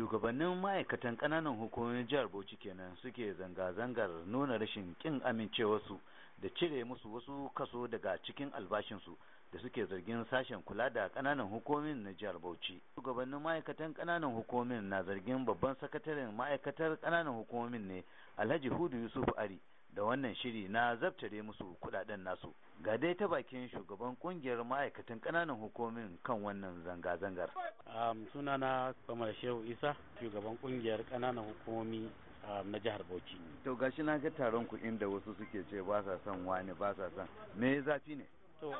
shugabannin ma'aikatan ƙananan hukumomin jihar bauchi kenan suke zanga-zangar nuna rashin kin amincewarsu da cire musu wasu kaso daga cikin albashinsu da suke zargin sashen kula da ƙananan hukumomin na jihar bauchi shugabannin ma'aikatan ƙananan hukumomin na zargin babban sakataren ma'aikatar ƙananan hukumomin ne alhaji hudu yusuf ari da wannan shiri na zabtare musu kudaden nasu ga dai ta bakin shugaban kungiyar ma'aikatan kananan hukumin kan wannan zanga-zangar Suna na kamar shehu isa shugaban kungiyar kananan hukumi na jihar bauchi to gashi na ga taron ku inda wasu suke ce ba sa son wani ba sa son me zafi ne to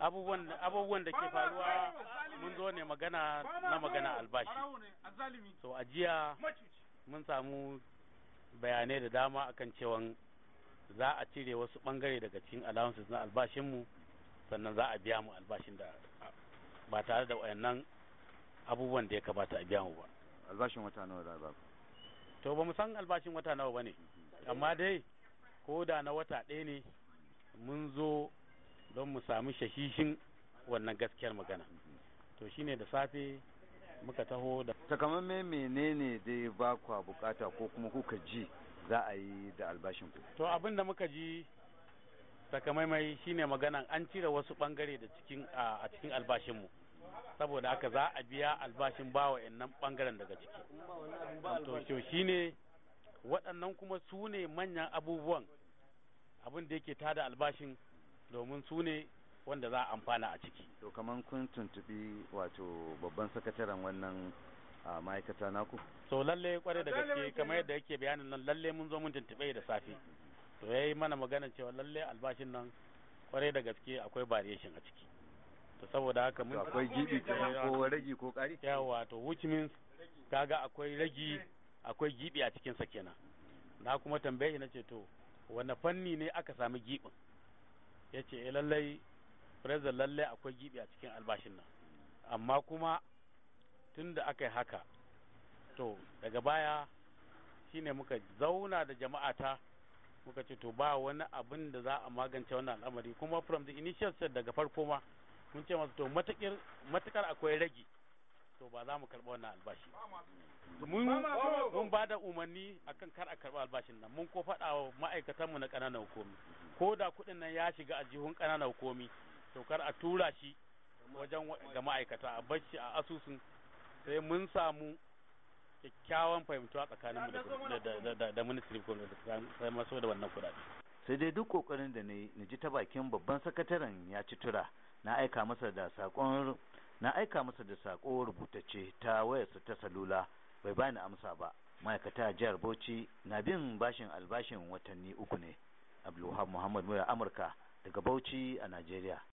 abubuwan da ke faruwa mun zo ne magana na magana albashi to a jiya mun samu bayanai da dama akan cewa za a cire wasu bangare daga cikin allowances na albashinmu sannan za a biya mu albashin da ba tare da wayannan abubuwan da ya kamata a biya mu ba albashin wata nawa za ba to ba mu san albashin wata nawa ba ne amma dai ko da na wata ɗaya ne mun zo don mu sami shahishin wannan gaskiyar magana to shine da safe muka taho da takamaiman menene dai ba kwa bukata ko kuma kuka ji za a yi da albashin ku to abin da muka ji takamaimai shine maganan an cire wasu bangare da cikin a cikin albashin mu saboda haka za a biya albashin ba wa'annan bangaren daga ciki to shine waɗannan kuma su ne manyan abubuwan abin da yake tada albashin domin su ne wanda za a amfana a ciki to kaman kun tuntubi wato babban sakataren wannan a ma'aikata naku so lalle kware da gaske kamar yadda yake bayanin nan lalle mun zo mun tuntube da safe to yayi mana magana cewa lalle albashin nan kware da gaske akwai variation a ciki to saboda haka mun akwai gibi ko ragi ko kari yawa to which means kaga akwai ragi akwai gibi a cikin sa kenan na kuma tambaye shi nace to wani fanni ne aka sami gibin yace eh lallai president lallai akwai gibi a cikin albashin nan amma kuma tun da aka yi haka to daga baya shine muka zauna da jama'ata muka ce to ba wani abin da za a magance wannan al'amari kuma from the initial set daga farko ma mun ce masu to matukar akwai rage to ba za mu karɓa wannan albashi mun ba da umarni akan kar a karɓa albashin nan mun ko faɗa wa ma'aikatanmu na ƙananan hukumi ko da kuɗin nan ya shiga a jihun ƙananan hukumi to kar a tura shi wajen ga ma'aikata a bar shi a asusun sai mun samu kyakkyawan fahimtuwa tsakanin da ministry sai maso da wannan kudade sai dai duk kokarin da nayi na ji ta bakin babban sakataren ya ci tura na aika masa da sakon na aika masa da sako rubutacce ta wayarsa ta salula bai bani amsa ba ma'aikata jihar Bauchi na bin bashin albashin watanni uku ne Abdulwahab Muhammad Mura Amurka daga Bauchi a Najeriya